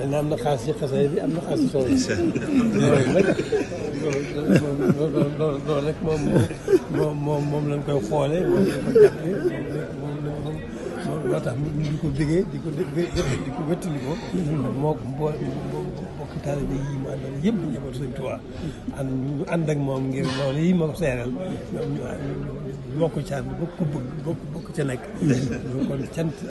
dana am na xaas ci xasee bi am na xaas ci soow bi. loolu loolu rek moom moom moom lañ koy xoolee moom lañ tax ñu di ko déggee di ko di ko wéttali ko. moo boo bokk taalibe yi mu àndal yëpp ñëwal Sëñ ànd ñu ànd ak moom ngir loolu ko seeral ñoom bokk ca bokk bëgg kon cant.